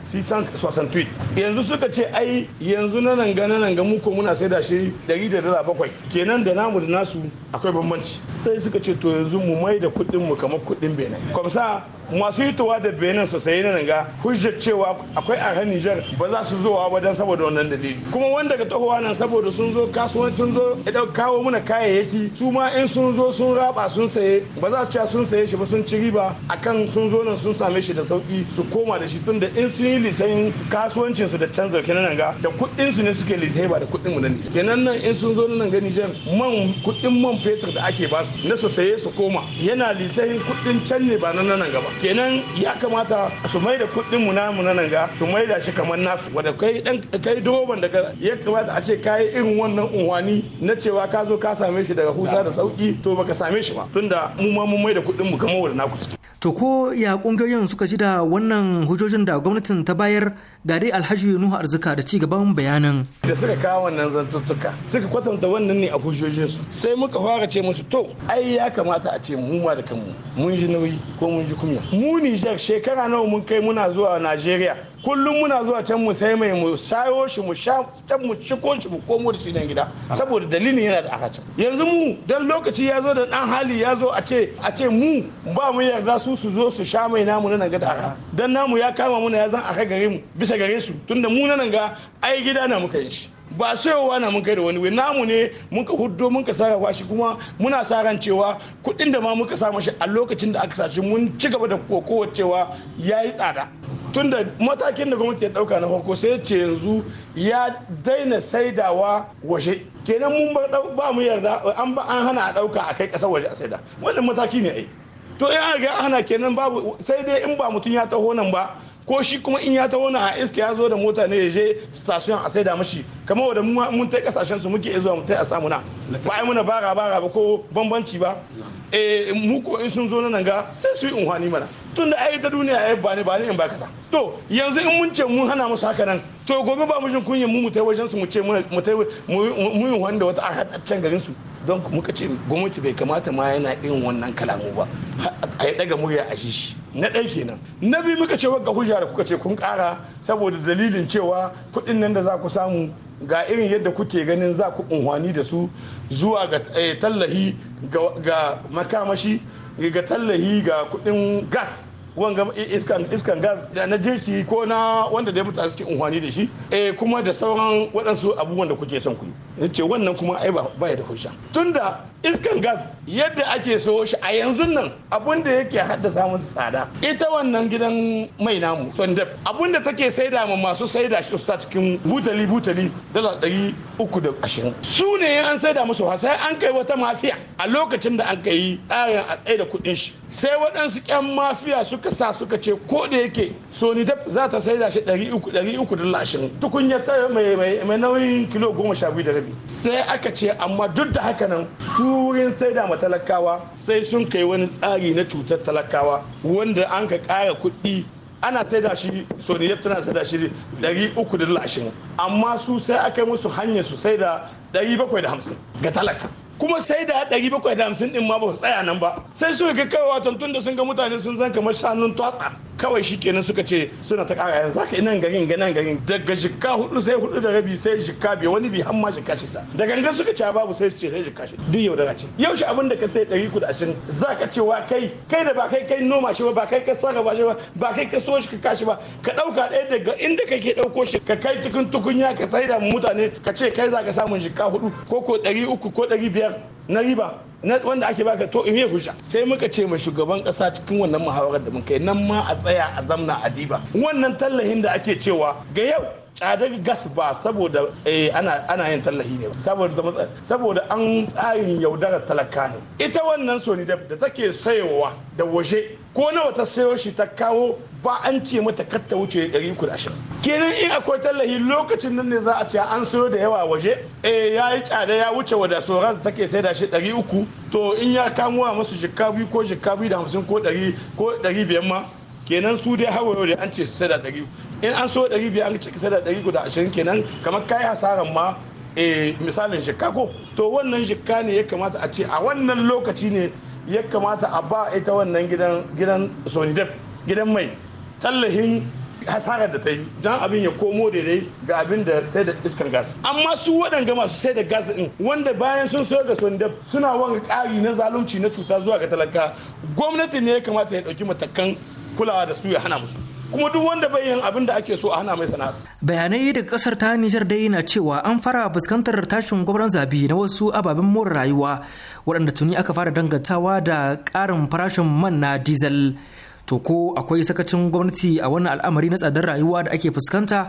sisan tweet yanzu suka ce ai yanzu na nan ga nan ga muku muna sai da shi 107 kenan da namu da nasu akwai bambanci sai suka ce to yanzu mu mai da kuɗin mu kamar kuɗin benin kwamsa masu hitowa da benin su sayi nan ga hujjar cewa akwai arhan nijar ba za su zowa ba dan saboda wannan dalili kuma wanda ga tahowa nan saboda sun zo kasuwanci sun zo ya kawo muna kayayyaki su ma in sun zo sun raba sun saye ba za su ce sun saye shi ba sun ci riba akan sun zo wannan sun same shi da sauki su koma da shi tunda in sun yi lisan kasuwancin su da can zauke na ga da kuɗin su ne suke lisai ba da kuɗin mu na ne kenan nan in sun zo nan ga Nijar man kuɗin man fetur da ake ba su na su saye su koma yana lisai kuɗin can ne ba na nan ba kenan ya kamata su mai da kuɗin mu na mu na nan ga su mai da shi kamar nasu wanda kai dan kai doban daga ya kamata a ce kai irin wannan unwani na cewa ka zo ka same shi daga husa da sauki to baka same shi ba tunda mu ma mun mai da kuɗin mu kamar wanda naku to ko ya kungiyoyin suka ji da wannan hujjojin da gwamnatin ta bayar ga dai alhaji nuhu arzika da cigaban bayanin da suka kawo wannan zantuttuka suka kwatanta wannan ne a hujjojin su sai muka fara ce musu to ai ya kamata a ce mu ma da kanmu mun ji nauyi ko mun ji kunya mu Nijar shekara nawa mun kai muna zuwa Najeriya kullum muna zuwa can mu sai mai mu sayo shi mu sha can mu shiko shi mu komo da shi nan gida saboda dalilin yana da aka can yanzu mu dan lokaci ya zo da dan hali ya zo a ce a ce mu ba mu yarda su su zo su sha mai namu nan gida aka dan namu ya kama muna ya zan aka gare mu bisa gare su tunda mu nan ga ai gida na muka yi shi ba sayowa na mun kai da wani namu ne muka ka huddo mun ka sarrafa shi kuma muna sa ran cewa kuɗin da ma muka sa shi a lokacin da aka sashi mun ci gaba da kokowa cewa ya yi tsada tunda matakin da gwamnati ya dauka na farko sai ce yanzu ya daina saidawa waje kenan mun ba mu yarda an ba an hana a dauka a kai kasar waje a saida wannan mataki ne ai to in a ga hana kenan babu sai dai in ba mutum ya taho nan ba ko shi kuma in ya ta na a iska ya zo da mota ne ya je station a sai da mashi kamar wanda mun ta kasashen su muke zuwa mu ta a samu na ba ai muna bara bara ba ko bambanci ba eh mu ko in sun zo nan ga sai su yi unhwani mana tunda ai ta duniya ai ba ne ba ne in baka ta to yanzu in mun ce mun hana musu haka nan to gobe ba mu jin kunyan mu mu tai wajen su mu ce mu mu yi unhwani da wata a can garin su don muka ce gwamnati bai kamata ma yana irin wannan kalamu ba a yi daga murya a shi na ɗaya kenan na biyu muka ce wagga hujja da kuka ce kun ƙara saboda dalilin cewa kuɗin nan da za ku samu ga irin yadda kuke ganin za ku unhwani da su zuwa ga eh, tallahi ga makamashi ga tallahi ga kuɗin gas wanga iskan iskan gas da na jirki ko na wanda da mutane suke unhwani da shi eh kuma da sauran waɗansu abubuwan da kuke son ku yi ce wannan kuma ai ba da hujja tunda iskan gas yadda ake so shi a yanzu nan abun da yake haddasa musu tsada ita wannan gidan mai namu sondep abun da take saida ma masu saida shi su cikin butali butali dala ɗari uku da ashirin su ne an saida musu sai an kai wata mafiya a lokacin da an kai tsarin a da kuɗin shi sai waɗansu ƙyan mafiya su suka sa suka ce ko da yake sony ta za ta sai da shi 300 da lashin tukunya ta mai nauyin kilo goma sha biyu da rabi sai aka ce amma duk da haka nan su wurin sai ma talakawa sai sun kai wani tsari na cutar talakawa wanda an ka kara kuɗi ana sai da shi soniyar tana sai da shi 300 da 20 amma su sai aka yi musu hanyar su sai da 750 ga talaka kuma sai da ɗari bakwai da hamsin ɗin ma ba su tsaya nan ba sai su ga kawai watan tun da sun ga mutane sun san kamar shanun twatsa kawai shikenan suka ce suna ta kara yanzu haka nan garin ga nan garin daga jikka hudu sai hudu da rabi sai jikka bai wani bi hamma jikka shida da gangan suka ce babu sai su ce sai jikka shida duk yaudara ce yau shi abin da ka sai ɗari kuɗa ashirin za ka wa kai kai da ba kai kai noma shi ba ba kai ka sarrafa shi ba ba kai ka so shi ka kashi ba ka ɗauka ɗaya daga inda kake ɗauko shi ka kai cikin tukunya ka saida mutane ka ce kai za ka samu jikka hudu ko ko ɗari uku ko ɗari biyar na riba na wanda ake baka to in fusha sai muka ce ma shugaban kasa cikin wannan muhawarar da mun kai nan ma a tsaya a zamna a diba wannan tallahin da ake cewa ga yau tsadar gas ba saboda eh, ana yin tallahi ne ba saboda an tsarin yaudara talaka ne ita wannan soni da take sayowa da waje ko nawa ta sayo shi ta kawo ba an ce mata kar ta wuce 320 kenan in akwai tallahi lokacin nan ne za a ce an sayo da yawa waje eh ya yi tsada ya wuce wada soraz take sai da shi 300 to in ya kamuwa masu shikabi ko shikabi da hamsin ko 100 ko ma kenan su dai hawa yau da an ce sada ɗari in an so ɗari biyar an ce sada ɗari guda ashirin kenan kamar kai hasaran ma eh, misalin shikka ko to wannan shikka ne ya kamata a ce a wannan lokaci ne ya kamata a ba ita wannan gidan gidan sonidep gidan mai tallahin hasarar da ta yi don abin ya komo daidai ga abin da sai da iskar gas amma su waɗanga masu sai da gas ɗin wanda bayan sun sayar da sondab suna wanga ƙari na zalunci na cuta zuwa ga talaka gwamnati ne ya kamata ya ɗauki matakan kulawa da su ya hana musu kuma duk wanda bai yin abin da ake so a hana mai sana'a. Bayanai daga kasar ta Nijar dai na cewa an fara fuskantar tashin gwamnan zabi na wasu ababen more rayuwa waɗanda tuni aka fara dangantawa da ƙarin farashin man na diesel. To ko akwai sakacin gwamnati a wannan al'amari na tsadar rayuwa da ake fuskanta?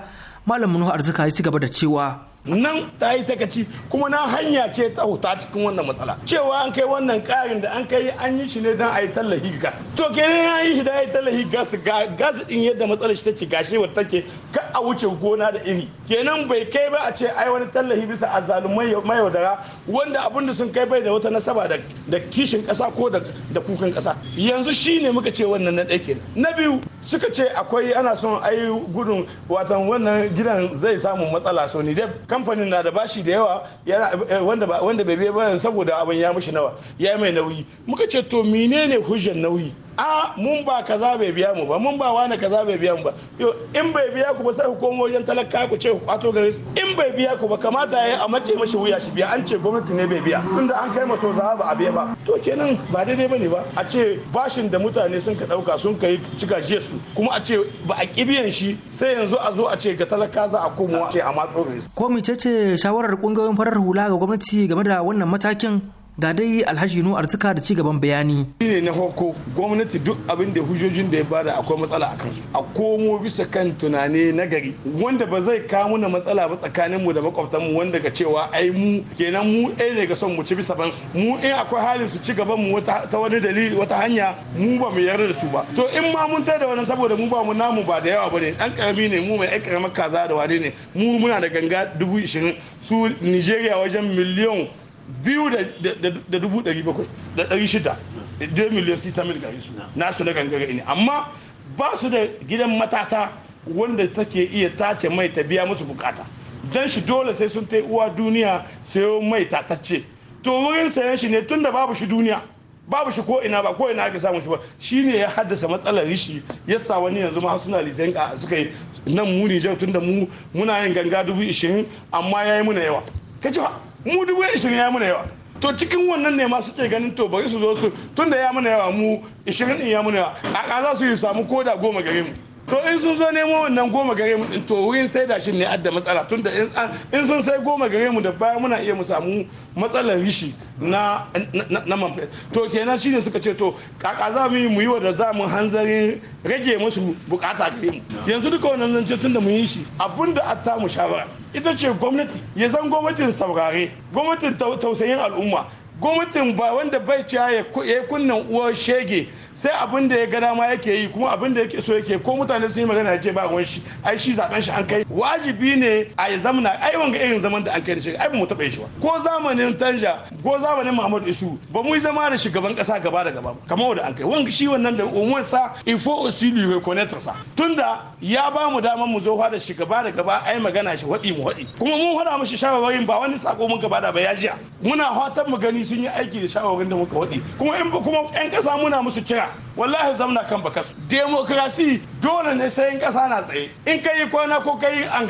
Malam Nuhu Arzika ya ci gaba da cewa nan ta yi sakaci kuma na hanya ce ta huta cikin wannan matsala cewa an kai wannan karin da an kai an yi shi ne don a yi tallahi gas to kenan an yi shi da a yi tallahi gas ga gas din yadda matsalar shi take gashi wata take ka a wuce gona da iri kenan bai kai ba a ce ai wani tallahi bisa azalumai mayaudara wanda abin da sun kai bai da wata nasaba da kishin kasa ko da kukan kasa yanzu shine muka ce wannan na ɗaya na biyu suka ce akwai ana son ai gudun watan wannan gidan zai samu matsala so ni dai kamfanin na da bashi da yawa eh, wanda bai biya bayan saboda abin ya mushi nawa ya yi mai nauyi muka ce to menene hujjar nauyi a mun ba kaza bai biya mu ba mun ba wani kaza bai biya mu ba in bai biya ku ba sai ku komo wajen talaka ku ce ku kwato gare in bai biya ku ba kamata ya yi a mace mashi wuya shi biya an ce gwamnati ne bai biya tunda an kai maso ba a biya ba to kenan ba daidai bane ba a ce bashin da mutane sun ka dauka sun yi cika jiya su kuma a ce ba a kibiyan shi sai yanzu a zo a ce ga talaka za a komo a ce a matso gare su wace ce shawarar kungiyoyin farar hula ga gwamnati game da wannan matakin ga dai alhaji nu arzika da ci gaban bayani ne na farko gwamnati duk abin da hujojin da ya bada akwai matsala a kansu a komo bisa kan tunane na gari wanda ba zai kawo na matsala ba tsakanin mu da makwabtan mu wanda ga cewa ai mu kenan mu ɗaya ne ga son mu ci bisa ban su mu in akwai halin su ci gaban mu ta wani dalili wata hanya mu ba mu yarda da su ba to in ma mun tada wannan saboda mu ba mu namu ba da yawa bane dan karami ne mu mai ai kaza da wane ne mu muna da ganga dubu ishirin su Nigeria wajen miliyon. biyu da dubu ɗari bakwai da ɗari shida da miliyan sisa mil gari su nasu na gangare ne amma ba su da gidan matata wanda take iya tace mai ta biya musu bukata dan shi dole sai sun tai uwa duniya sayo mai tatacce to wurin sayan shi ne tunda babu shi duniya babu shi ko ina ba ko ina ake samun shi ba shine ya haddasa matsalar rishi yasa wani yanzu ma suna lisan ka suka yi nan mu Nijar tunda mu muna yin ganga dubu ishirin amma yayi muna yawa kace ba mu dubu ishirin ya muna yawa to cikin wannan ne ma suke ganin to bari su zo su tunda ya muna yawa mu ishirin din ya muna yawa a za su yi samu koda goma gare mu to in sun zo nemo wannan goma gare mu to wurin sai da shi ne adda matsala tun da ah, in sun sai goma gare mu da baya muna iya mu samu matsalar rishi na na man to kenan shine suka ce to kaka za mu yi mu yi da za mu hanzarin rage musu bukata gare mu yanzu duka wannan zance tun da mu yi shi abinda atta mu shawara ita ce gwamnati ya zan gwamnatin saurare gwamnatin tausayin al'umma gwamnatin ba wanda bai ciya ya kunnan uwar shege sai abin da ya ga dama yake yi kuma abin da yake so yake ko mutane sun yi magana ce ba gwan shi ai shi zaben shi an kai wajibi ne a zamana ai wanga irin zaman da an kai da shi ai ba mu taɓa shi ba ko zamanin Tanja ko zamanin Muhammadu Isu ba mu yi zama da shugaban kasa gaba da gaba kamar wanda an kai wanga shi wannan da umar sa ifo osili reconnaître sa tunda ya ba mu damar mu zo da shi gaba da gaba ai magana shi waɗi mu waɗi kuma mun hada mishi shawarwarin ba wani sako mun gaba da ba ya jiya muna fatan mu gani sun yi aiki da shawarwarin da muka waɗi kuma in kuma yan kasa muna musu kira wallahi zamna kan su. demokrasi dole ne sayan kasa na tsaye in ka yi kwana ko ka yi an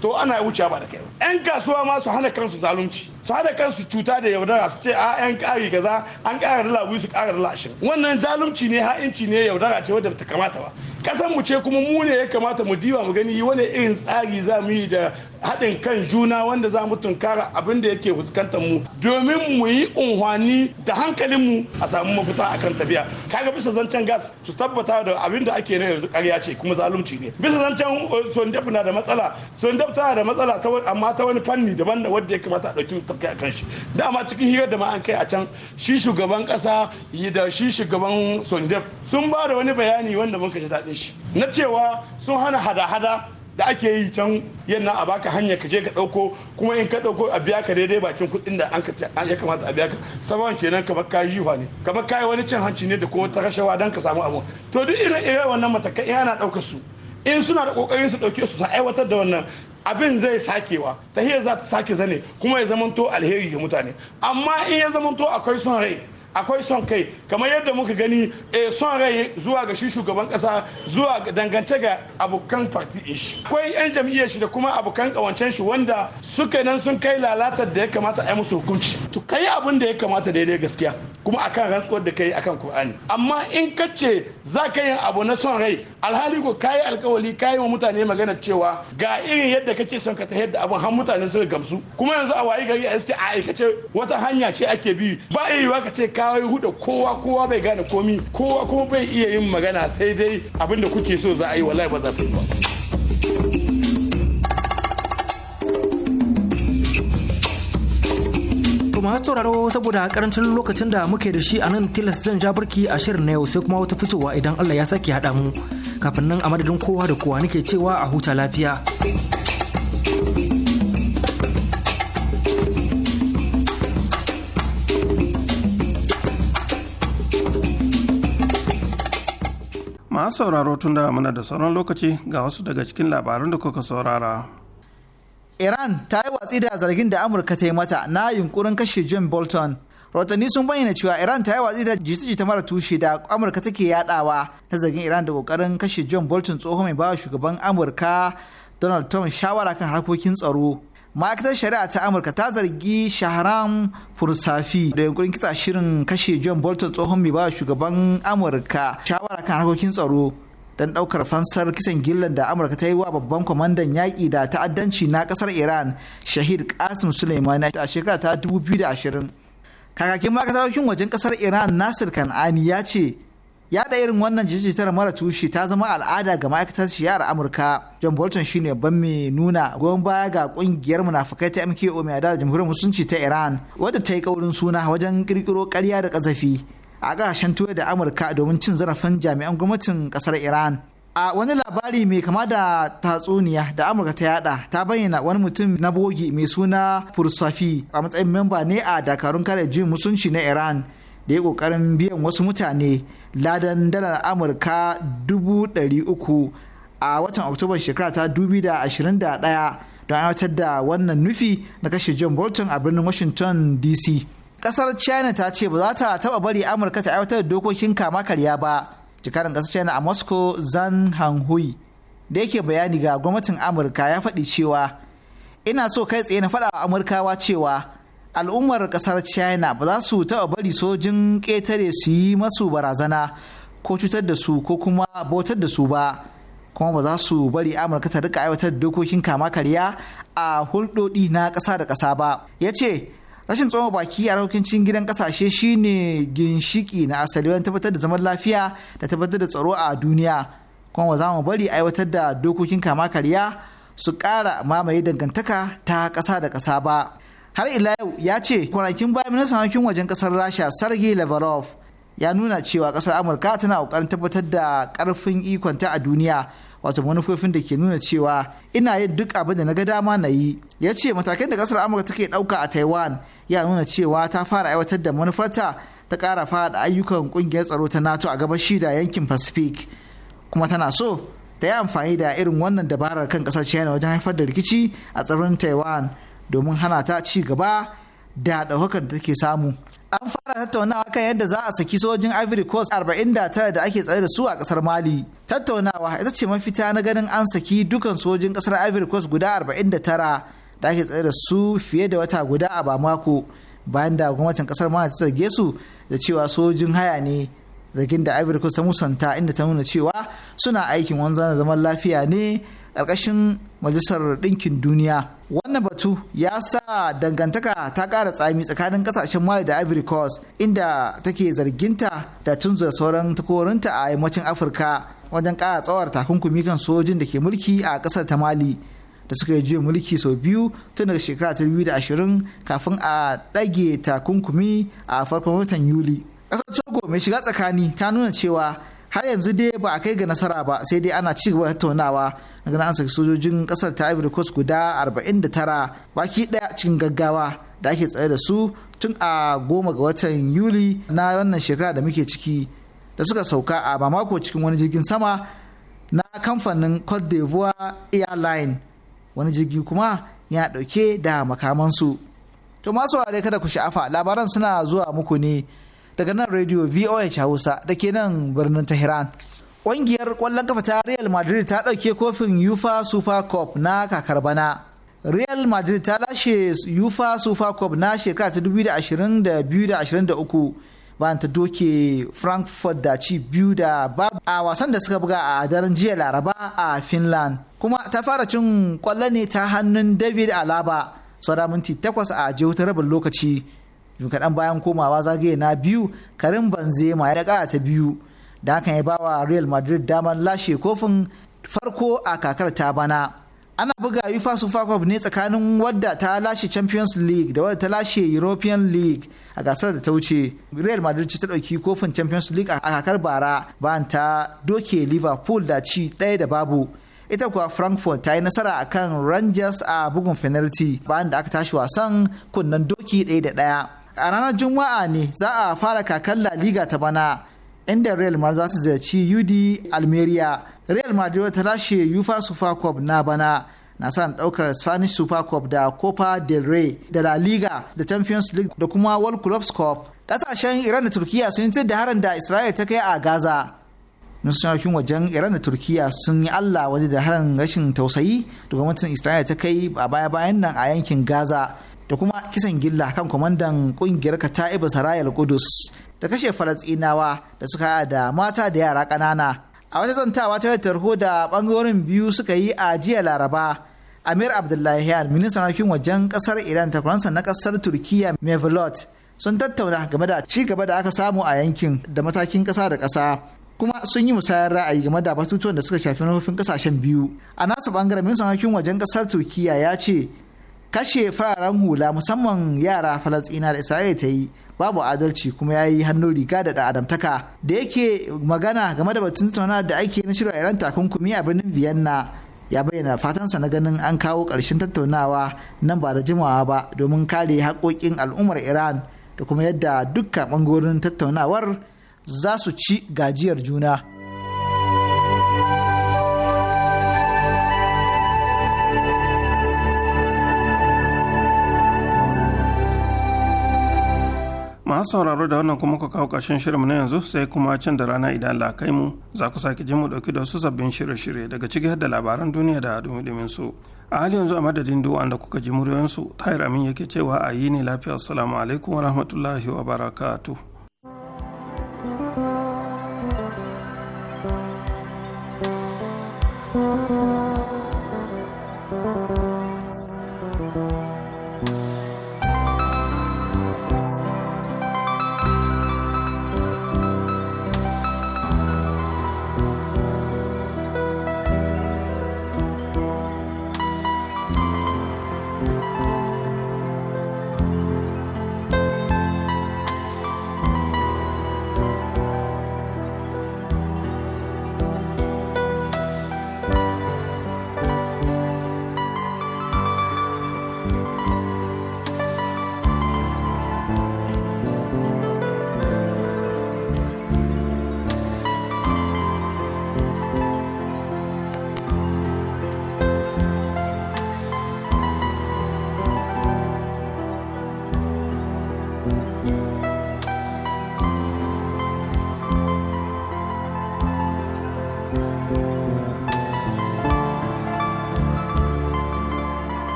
to ana wuce ba da kai yan kasuwa ma su hana kansu zalunci su hana kansu cuta da yaudara su ce a yan kari kaza an kara da labu su kara da lashin wannan zalunci ne ha'inci ne yaudara ce wadda ta kamata ba kasan mu ce kuma mu ne ya kamata mu diba mu gani wani irin tsari za mu yi da haɗin kan juna wanda za mu tunkara abin da yake fuskantar mu domin mu yi unhwani da hankalinmu a samu mafita akan tafiya kaga bisa zancen gas su tabbata da abin da ake na yanzu karya ce kuma zalunci ne bisa zancen uh, sondef na da matsala sondef tana da matsala amma ta wani fanni daban da wanda ya kamata a ɗauki tafkai a kan shi dama cikin hirar da ma an kai a can shi shugaban ƙasa da shi shugaban sondef sun ba da wani bayani wanda mun kashe daɗin shi na cewa sun hana hada-hada da ake yi can yanna a baka hanya ka je ka dauko kuma in ka dauko a biya ka daidai bakin kuɗin da an ya kamata a biya ka saman kenan kamar kayi jiwa ne kamar kayi wani cin hanci ne da kuma ta rashawa dan ka samu abu to duk irin irin wannan matakai yana ɗaukar su in suna da kokarin su dauke su su aiwatar da wannan abin zai sakewa ta hiyar za ta sake zane kuma ya zamanto alheri ga mutane amma in ya zamanto akwai son rai akwai son kai kamar yadda muka gani eh, son rai zuwa ga shi shugaban kasa zuwa dangance ga abokan in shi akwai yan jam'iyyar shi da kuma abokan kawancen shi wanda suka nan sun kai lalatar da ya kamata a yi musu hukunci to kai abin da ya kamata daidai gaskiya kuma akan rantsuwar da kai akan Kur'ani amma in kace ce za ka yin abu na son rai alhali ko kayi alkawali kai wa mutane magana cewa ga irin yadda kake son ka ta yadda abin har mutane suka gamsu kuma yanzu a wayi gari a iske a aikace wata hanya ce ake bi ba yiwuwa ka ce kawai huda kowa kowa bai gane komi kowa kuma bai iya yin magana sai dai abinda kuke so za a yi wallahi ba za ta yi ba masu tauraro saboda karancin lokacin da muke da shi a nan tilas zan ja barki a shirin na yau sai kuma wata fitowa idan Allah ya sake haɗa mu kafin nan a madadin kowa da kowa nake cewa a huta lafiya. masu sauraro tun da mana da sauran lokaci ga wasu daga cikin labarun da kuka saurara. Iran ta yi watsi da zargin da Amurka ta yi mata na yunkurin kashe John Bolton. Rotanni sun bayyana cewa Iran ta yi watsi da jita-jita mara tushe da Amurka take yadawa na zargin Iran da kokarin kashe John Bolton tsoho mai bawa shugaban Amurka Donald Trump shawara kan harkokin tsaro. ma'aikatar shari'a ta amurka ta zargi shahram fursafi da yankurin kitsa shirin kashe john bolton tsohon mai ba shugaban amurka shawara kan harkokin tsaro don daukar fansar kisan gillan da amurka ta yi wa babban kwamandan yaƙi da ta'addanci na ƙasar iran shahid kasim suleimani a shekara ta 2020 kakakin ma'aikatar harkokin wajen ƙasar iran nasir kan'ani ya ce yaɗa irin wannan jirgin tara mara tushe ta zama al'ada ga ma'aikatar shari'ar amurka john bolton shine ban mai nuna goyon baya ga kungiyar munafukai ta mko mai adada jamhuriyar musulunci ta iran wadda ta yi kaurin suna wajen kirkiro karya da kazafi a kasashen turai da amurka domin cin zarafin jami'an gwamnatin kasar iran a wani labari mai kama da tatsuniya da amurka ta yada ta bayyana wani mutum na bogi mai suna fursafi a matsayin memba ne a dakarun kare jin musulunci na iran da ya kokarin biyan wasu mutane ladan dalar amurka uku a watan oktoba shekara ta 2021 don aiwatar da wannan nufi na kashe john bolton a birnin washington dc kasar china ta ce ba za ta taba bari amurka ta aiwatar da dokokin kama karya ba jikarin kasar china a moscow zan hanhui da yake bayani ga gwamnatin amurka ya faɗi cewa ina so kai tsaye na faɗa amurkawa cewa al'ummar kasar china ba za su taɓa bari sojin ƙetare su yi masu barazana ko cutar da su ko kuma bautar da su ba kuma ba za su bari amurka ta rika aiwatar dokokin kama karya a hulɗoɗi na ƙasa da ƙasa ba ya ce rashin tsoma baki a rahokincin gidan ƙasashe shine ginshiki na asali wani tabbatar da zaman lafiya da tabbatar da tsaro a duniya kuma ba za mu bari aiwatar da dokokin kama karya su ƙara mamaye dangantaka ta ƙasa da ƙasa ba. har ila yau ya ce kwanakin bayan ministan harkokin wajen kasar rasha sergei lavrov ya nuna cewa kasar amurka tana kokarin tabbatar da karfin ikonta a duniya wato manufofin da ke nuna cewa ina yin duk abin da na ga dama na yi ya ce matakan da kasar amurka take dauka a taiwan ya nuna cewa ta fara aiwatar da manufarta ta kara fada ayyukan kungiyar tsaro ta nato a gaba shida yankin pacific kuma tana so ta yi amfani da irin wannan dabarar kan kasar china wajen haifar da rikici a tsibirin taiwan domin hana ta ci gaba da ɗaukakar da take samu an fara tattaunawa kan yadda za a saki sojin ivory coast 49 da ake tsare da su a ƙasar mali tattaunawa ita ce mafita na ganin an saki dukan sojin ƙasar ivory coast guda 49 da ake tsare da su fiye da wata guda a bamako bayan da gwamnatin ƙasar mali ta zarge su da cewa sojin haya ne zargin da ivory coast ta musanta inda ta nuna cewa suna aikin wanzan zaman lafiya ne ƙarƙashin majalisar ɗinkin duniya wannan batu ya sa dangantaka ta kara tsami tsakanin kasashen mali da ivory coast inda take zarginta da tunzura sauran takorinta a yammacin afirka wajen kara tsawar takunkumi kan sojin da ke mulki a ƙasar ta mali da suka yi juya mulki sau biyu tun daga shekara ta da ashirin kafin a ɗage takunkumi a farkon watan yuli ƙasar togo mai shiga tsakani ta nuna cewa har yanzu dai ba a kai ga nasara ba sai dai ana ci gaba da tattaunawa ganin an saki sojojin kasar ta Ivory Coast guda 49 baki daya cikin gaggawa da ake tsaye da su tun a goma ga watan Yuli na wannan shekara da muke ciki da suka sauka a Bamako cikin wani jirgin sama na kamfanin Cote d'Ivoire Airline wani jirgi kuma ya dauke da makamansu. To masu kada ku sha'afa labaran suna zuwa muku ne daga nan radio voh hausa da ke nan birnin tehran ƙungiyar ƙwallon kafa ta real madrid ta ɗauke kofin ufa super cup na kakar bana real madrid ta lashe ufa super cup na shekara ta 2022-2023 bayan ta doke frankfurt da ci biyu da babu a wasan da suka buga a daren jiya laraba a finland kuma ta fara cin ƙwallo ne ta hannun david alaba da minti takwas a jihotar rabin lokaci jim kaɗan bayan komawa zagaye na biyu karim banzema ya ƙara ta biyu da hakan ya bawa real madrid damar lashe kofin farko a kakar ta bana ana buga UEFA Super Cup ne tsakanin wadda ta lashe Champions League da wadda ta lashe European League a gasar da ta wuce. Real Madrid ce ta ɗauki kofin Champions League a kakar bara bayan ta doke Liverpool da ci ɗaya da babu. Ita kuwa Frankfurt ta yi nasara a kan Rangers a bugun penalty bayan da aka tashi wasan kunnen doki ɗaya da ɗaya. a ranar juma'a ne za a fara kakan la liga ta bana inda real madrid za su ziyarci ud almeria real madrid ta lashe ufa super cup na bana na sa daukar spanish super cup da copa del rey da la liga da champions league da kuma world clubs cup kasashen iran da turkiya sun yi da harin da isra'il ta kai a gaza nasarokin wajen iran da turkiya sun yi allah waje da harin rashin tausayi da gwamnatin isra'il ta kai a baya-bayan nan a yankin gaza da kuma kisan gilla kan kwamandan kungiyar kata'ibu sarayal kudus da kashe falasɗinawa da suka da mata da yara ƙanana a wata zantawa ta yadda tarho da ɓangarorin biyu suka yi a jiya laraba amir abdullahian ministan harkokin wajen kasar iran ta faransa na ƙasar turkiya mevlot sun tattauna game da ci gaba da aka samu a yankin da matakin ƙasa da ƙasa kuma sun yi musayar ra'ayi game da batutuwan da suka shafi nufin kasashen biyu a nasa ɓangaren ministan harkokin wajen ƙasar turkiyya ya ce kashe fararen hula musamman yara falasina da isra'ila ta yi babu adalci kuma ya yi hannun riga da adamtaka da yake magana game da batun tattauna da ake na shirya iran takunkumi a birnin vienna ya bayyana fatansa na ganin an kawo ƙarshen tattaunawa nan ba da jimawa ba domin kare haƙoƙin al'ummar iran da kuma yadda dukkan ɓangarorin tattaunawar za su ci gajiyar juna. masu sauraro da wannan kuma ka kawo ƙarshen shirinmu na yanzu sai kuma can da rana idan Allah kai mu za ku sake jin mu ɗauki da wasu sabbin shirye-shirye daga ciki da labaran duniya da dumi su. A hali yanzu a madadin du'an da kuka ji muryoyinsu, Tahir Amin yake cewa a yi ne lafiya. Assalamu alaikum wa rahmatullahi wa barakatuh.